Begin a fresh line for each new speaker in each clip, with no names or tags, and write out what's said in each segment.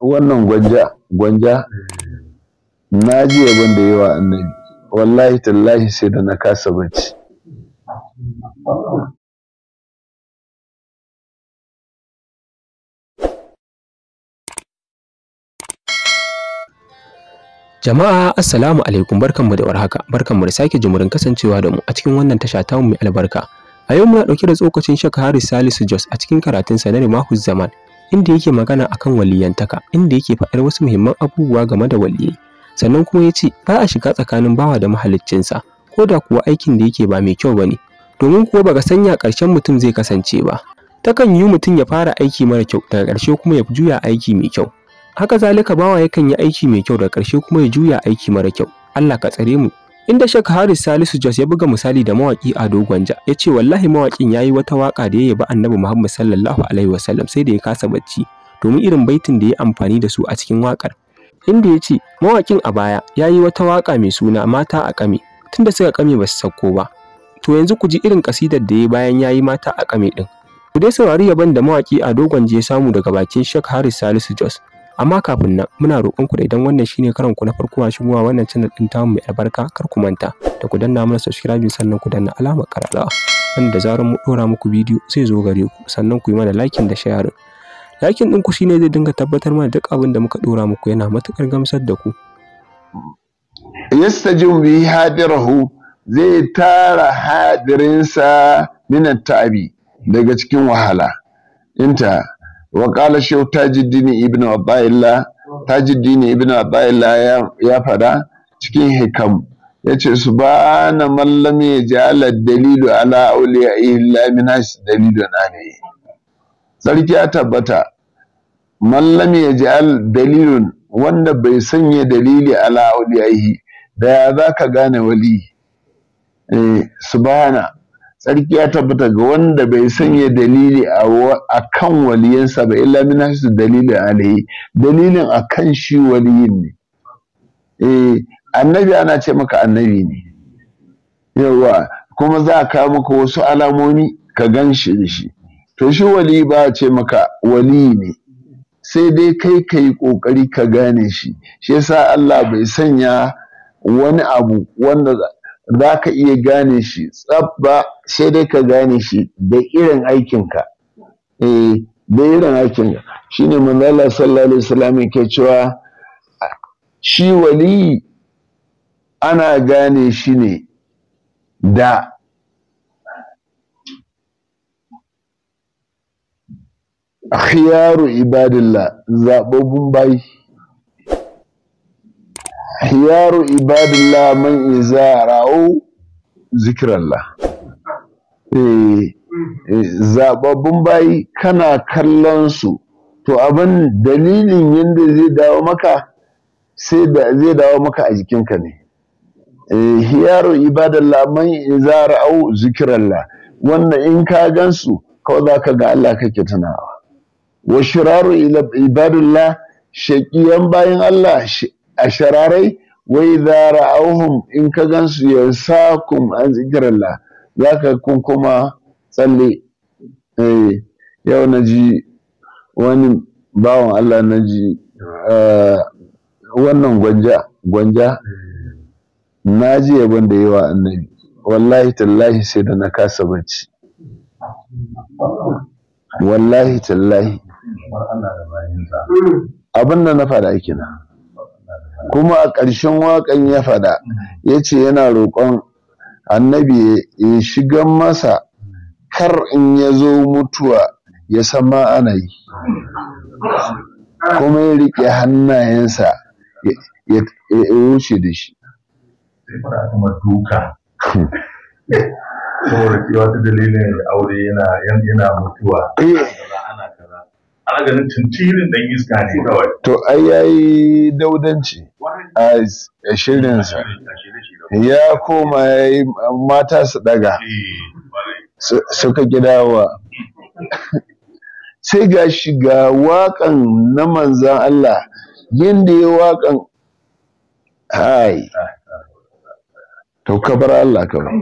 wannan gwanja gwanja na ji yabon da yawa annabi wallahi tallahi sai da na kasa bacci
Jama'a assalamu alaikum barkanmu da warhaka barkanmu da sake jimurin kasancewa da mu a cikin wannan tasha ta mai albarka a yau muna dauke da tsokacin Sheikh Haris Salisu Jos a cikin karatun sa na Rimahus Zaman inda yake magana akan waliyantaka inda yake faɗar wasu muhimman abubuwa game da waliyai sannan kuma ya ce ba a shiga tsakanin bawa da mahaliccinsa ko da kuwa aikin da yake ba mai kyau ba ne domin kuwa baka sanya ƙarshen mutum zai kasance ba takan yi mutum ya fara aiki mara kyau daga ƙarshe kuma ya juya aiki mai kyau haka zalika bawa yakan yi aiki mai kyau daga ƙarshe kuma ya juya aiki mara kyau Allah ka tsare mu Inda Sheikh Haris Salisu Jos ya buga misali da mawaki a Dogonja, ya ce wallahi mawakin yayi wata waka da ya ba Annabi Muhammad sallallahu alaihi wasallam sai da ya kasa bacci domin irin baitin da ya amfani da su a cikin wakar. Inda ya ce mawakin a baya yayi wata waka mai suna Mata a Kame, tunda suka kame ba su sauko ba. To yanzu ku ji irin kasidar da ya bayan yayi Mata a Kame din. Ku dai saurari yaban da mawaki a Gwanja ya samu daga bakin Sheikh Haris Salisu Jos. amma kafin nan muna roƙon ku da idan wannan shine karan ku na farko a shigowa wannan channel din tamu mai albarka kar ku manta da ku danna mana subscribe sannan ku danna alamar karalawa dan da zarar mu dora muku bidiyo sai zo gare ku sannan ku yi mana like da share like din ku shine zai dinga tabbatar mana duk abin da muka dora muku yana matukar gamsar da ku
yastajib bi hadirahu zai tara hadirinsa at ta'abi daga cikin wahala inta وقال شيخ تاج الدين ابن عطاء الله تاج الدين ابن عطاء الله يا فدا cikin hikam yace subhana man lam yaj'al ad-dalil ala awliya'ihi illa min dalilun alayhi sarki ya tabbata man lam yaj'al dalilun wanda bai sanya dalili ala awliya'ihi da ya zaka gane wali eh subhana Sarki ya tabbata ga wanda bai sanya dalili a kan waliyansa ba illa min hasu dalilin alayi dalilin a kan shi waliyin ne eh annabi ana ce maka annabi ne yawa kuma za a kawo maka wasu alamomi ka gan shi da shi to shi wali ba a ce maka wali ne sai dai kai ka yi ƙoƙari ka gane shi shi yasa Allah bai sanya wani abu wanda za ka iya gane shi tsabba sai dai ka gane shi da irin aikinka eh da irin aikinka shine manzo sallallahu alaihi wasallam ke cewa shi wali ana gane shi ne da khiyaru ibadillah zababbun bayi hiyaru ibadillah man iza ra'u zikrallah eh, eh zababbun bayi kana kallon su to abin dalilin yadda zai dawo maka sai da zai dawo maka a jikinka ne hiyaru eh, ibadallah man iza ra'u zikrallah wanda in ka gansu kawai za ka ga Allah kake tunawa wa shiraru ibadullah shaƙiyan bayan Allah a shararai wai za ra'auhum in ka gansu yansakum an zikirallah za ka kun kuma tsalle eh, yau na ji wani bawan Allah na ji eh, wannan gwanja gwanja na ji yabon da yawa annabi wallahi tallahi sai da na kasa bacci wallahi tallahi abin da na aiki na. kuma a ƙarshen waƙan ya faɗa ya ce yana roƙon annabi ya shiga masa kar in ya zo mutuwa ya sama ana yi kuma ya riƙe hannayensa ya wuce da shi dalilin aure yana mutuwa eh, ana ganin tuntirin dan iska ne kawai. To ai yayi daudanci a shirinsa. Ya koma yayi mata su daga. Eh, suka gidawa. Sai ga shiga waƙan na manzan Allah yadda ya waƙan hai. To kabar Allah kabar.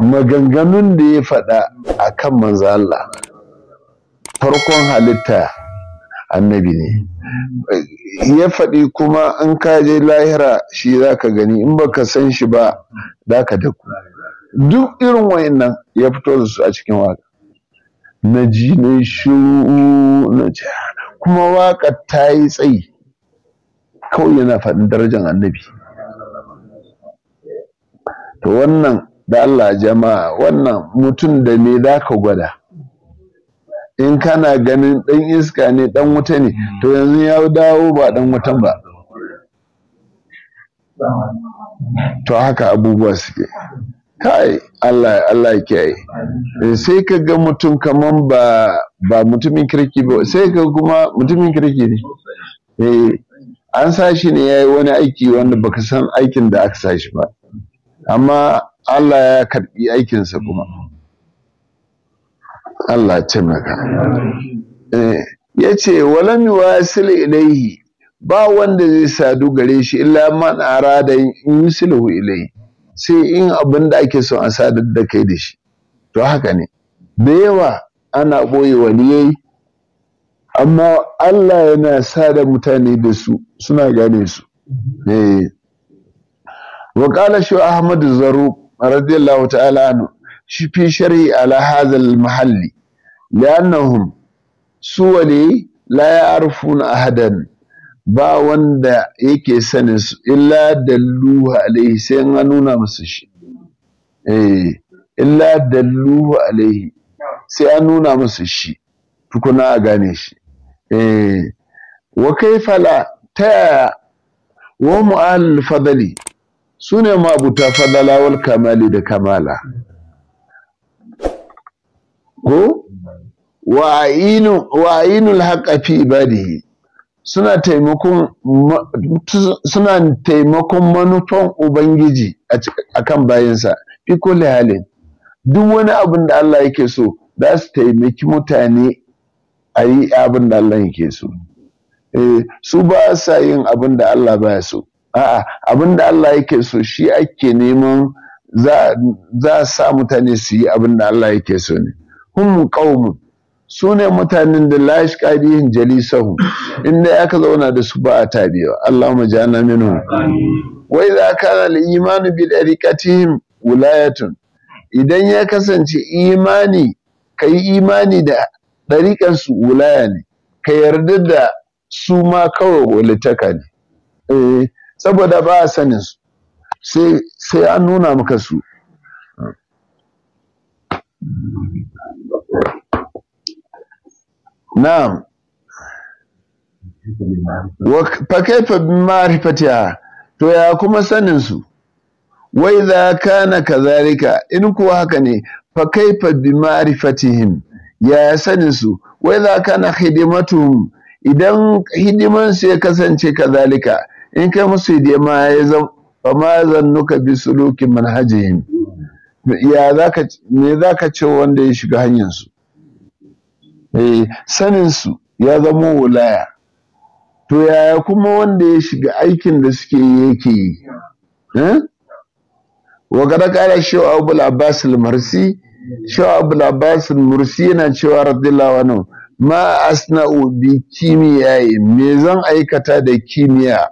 Maganganun da ya faɗa a kan manzan Allah. farkon halitta annabi ne ya faɗi kuma in ka je lahira shi za ka gani in baka san shi ba da ka daku duk irin wayannan ya fito da su a cikin waka na ji na shiru na kuma waka ta yi tsayi kawai yana faɗin darajar annabi to wannan da Allah jama'a wannan mutum da ne za ka gwada in kana ganin ɗan iska ne ɗan wuta ne to yanzu ya dawo ba ɗan wutan ba to haka abubuwa suke kai Allah Allah kiyaye eh, sai ka ga mutum kaman ba ba mutumin kirki ba sai ka kuma mutumin kirki ne eh an sashi ne yayi wani aiki wanda baka san aikin da aka sashi ba amma Allah ya karbi aikinsa kuma Allah ya taimaka eh, ya ce walam ilaihi ba wanda zai sadu gare shi illa man arada yusilu ilaihi sai in abin da ake son a sadar da kai da shi to haka ne da yawa ana boye waliyai amma Allah yana sada mutane da su suna gane su eh. wa qala shi Ahmad zaru radiyallahu ta'ala anhu shi fi sharhi ala al-mahalli li'annahum su wali la ya'rifuna ahadan ba wanda yake saninsu su illa dalluhu alaihi sai an nuna musu shi eh illa dalluhu alaihi sai an nuna musu shi tukuna a gane shi eh wa kaifa la ta wa mu'al fadali sune mabuta fadala wal kamali da kamala wa ainul suna taimakon manufan ubangiji a kan bayansa fi kulli halin duk wani abin da Allah yake so za su taimaki mutane a yi abin da Allah yake so eh, su ba sa yin abin da Allah ba so a'a abin da Allah yake so shi ake neman za a sa mutane su yi abin da Allah yake so ne hum mu. su ne mutanen da la yin bihim jalisahu inda ya ka zauna da su ba a tabewa Allahumma ja'alna wai wa idza kana al-iman bi tariqatihim wulayatun idan ya kasance imani yi imani da ɗariƙansu su wulaya ne ka yarda da su ma kawai walitaka ne eh, saboda ba a sanin su sai an nuna maka su na'am fa kaifa ma'rifatiha to ya kuma sanin wai za kana kazalika in ko haka ne fa kaifa bi ma'rifatihim ya sanin su wai za na hidimatuhum idan hidimansu ya kasance kazalika in kai musu hidima ya zama fa ma bi suluki manhajihim ya zaka me zaka ce wanda ya shiga hanyar su Eh, saninsu ya zama wulaya to yaya kuma wanda ya shiga aikin da suke yake yi eh? wa kada kara shewa abu abbas al shewa abu abbas al-mursi yana cewa radiyallahu anhu ma asna'u bi kimiyayi me zan aikata da kimiyya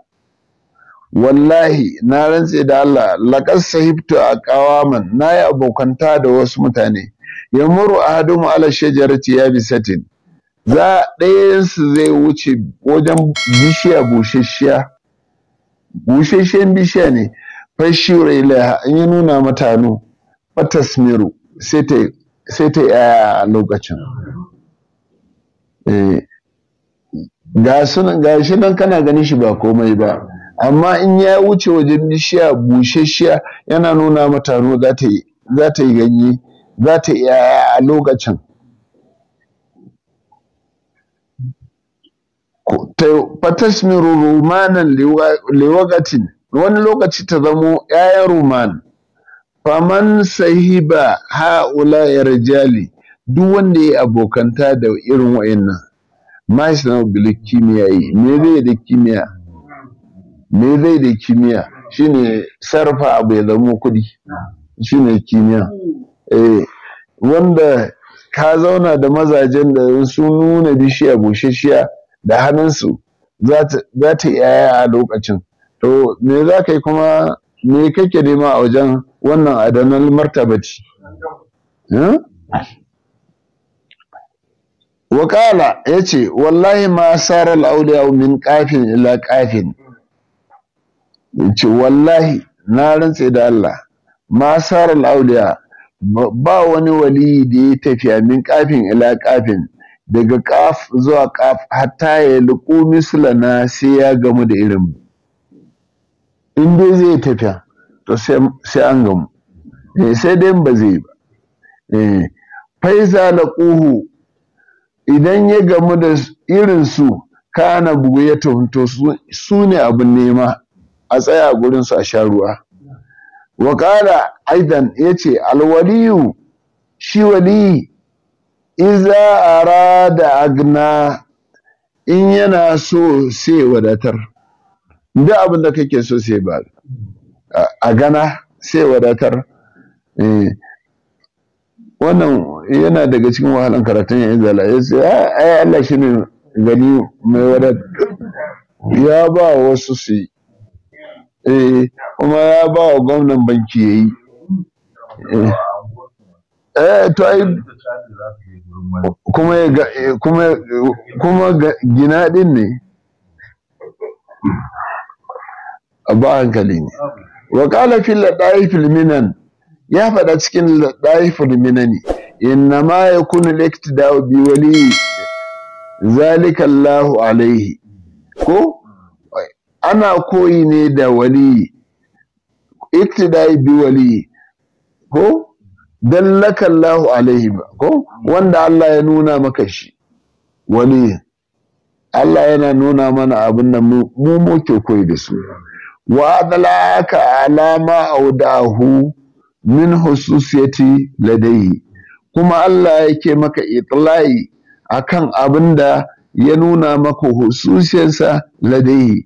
wallahi na rantse da Allah laƙas sahibtu a ƙawaman na yi abokanta da wasu mutane yamuru ahadumu ala shajarati yabisatin za ɗayansu zai wuce wajen bishiya busheshiya busheshiyan bishiya ne fashiyar ilaha an yi nuna mata nu fatasmiru sai ta yaya a lokacin eh, ga shi nan kana ganin shi ba komai ba amma in ya wuce wajen bishiya busheshiya yana nuna mata za ta yi ganye za ta iya a lokacin mai rumanan lewagatin wani lokaci ta zamo ‘ya'yan ruman faman sahiba ha'ula ya rajali duk wanda ya abokanta da irin wa'innan ma shi na kimiyya yi me zai da kimiyya me zai da kimiyya shine sarfa abu ya zamo kudi shine kimiyya eh wanda ka zauna da mazajen da sun nuna bishiya bushashiya da hannunsu za ta yaya a lokacin to me za ka yi kuma me kake nema a wajen wannan adanar martabaci eh? wakala ya ce wallahi ma sarar auliya min kafin ila kafin ce wallahi na rantse da Allah ma sarar auliya ba wani waliyi da ya tafiya min kafin ila kafin daga kaf zuwa kaf hatta ya liƙo mislana sai ya gamu da irin in dai zai tafiya to sai an gamu eh, sai dai ba zai ba eh, faisa laquhu idan ya gamu da irin su kana bugu ya tuhunto su ne abin nema a tsaya gurin su a sha ruwa wa qala aidan yace alwaliyu shi wali iza da agna in yana so sai wadatar duk abin da kake so sai ba a gana sai wadatar eh. wannan yana daga cikin wahalan karatun ya izala ya ce ah, ai Allah shi ne gani mai wadatar ya ba wasu su yi eh kuma ya ba wa gwamnan banki ya yi eh, eh to ai kuma eh, kuma gina din ne a ba hankali ne wa qala fil filminan ya faɗa cikin ladaifil minani inna ma ya kuna iktidau da wali zalika Allahu alaihi ko ana koyi ne da wali iktidai bi wali ko dallaka Allahu alaihi ko wanda Allah ya nuna maka shi wali Allah yana nuna mana abin da mu muke koyi da su wa adalaka alama audahu min hususiyati ladai kuma Allah yake maka itlai akan abin da ya nuna maka hususiyarsa ladai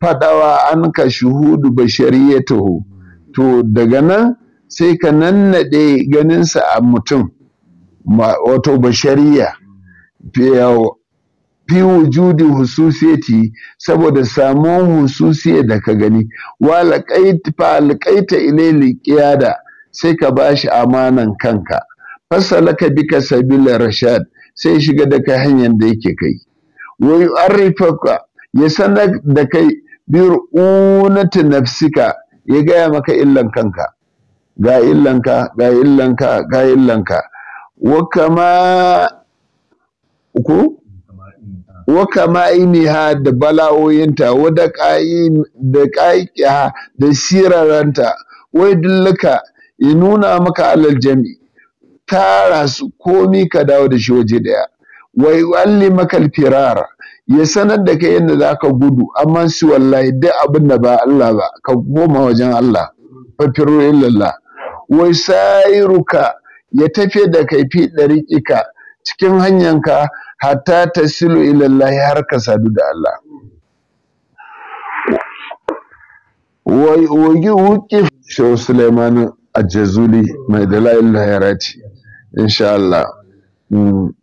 faɗawa an ka shuhudu bashariyatuhu to daga nan sai ka nannaɗe ganinsa a mutum wato bashariya fi wujudi hususiyati saboda samun hususiyar da ka gani wa alƙaita ilai ƙiyada sai ka ba shi amanan kanka fasalaka bika sabila rashad sai shiga da ka hanyar da yake kai wai an ya sanar da kai bir'unati nafsika ya gaya maka illan kanka ga illanka ga illanka ga illanka wa kama ku wa kama ha da bala'oyinta wa da kai da siraranta wai dillaka ya nuna maka alal jami tara su komi ka dawo da shi waje daya wai alli maka firara ya sanar da kai yadda za ka gudu amma su wallahi duk abin da ba Allah ba ka goma wajen Allah fafiru illallah wai sa'iruka ya tafi da kai fi ɗariƙika cikin hanyanka hatta ta silu har ka sadu da Allah Wai wagi wuƙi shehu suleiman ajazuli mai ilaha yarati insha Allah hmm.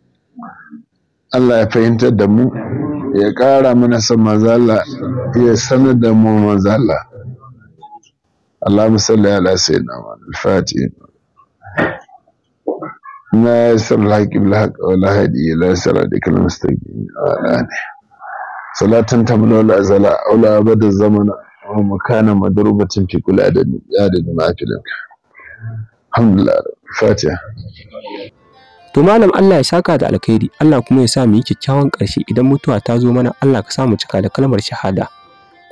Allah ya fahimtar da mu ya ƙara mana san mazala, ya sanar da mu manzala Allah musalli ala sai na wani alfati na ya san lahaƙi lahaƙa wa lahaɗi ya lai sara da kalin mustaƙi Salatan ɗani salatun ta mana wala zala wala abadar zamana wa makana madarubacin fi kula da ni ya da ni ma fi
dinka alhamdulillah alfati To malam Allah ya saka da alkhairi, Allah kuma ya sa mu yi kyakkyawan ƙarshe idan mutuwa ta zo mana Allah ka sa mu cika da kalmar shahada.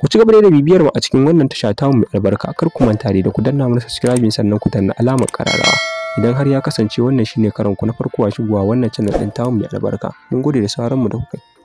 Ku ci gaba da bibiyar mu a cikin wannan tasha ta mu albarka, kar ku manta da ku danna mana subscribe sannan ku danna alamar kararrawa. Idan har ya kasance wannan shine karan ku na farko a shigowa wannan channel din ta mu albarka. Mun gode da sauraron mu da kuka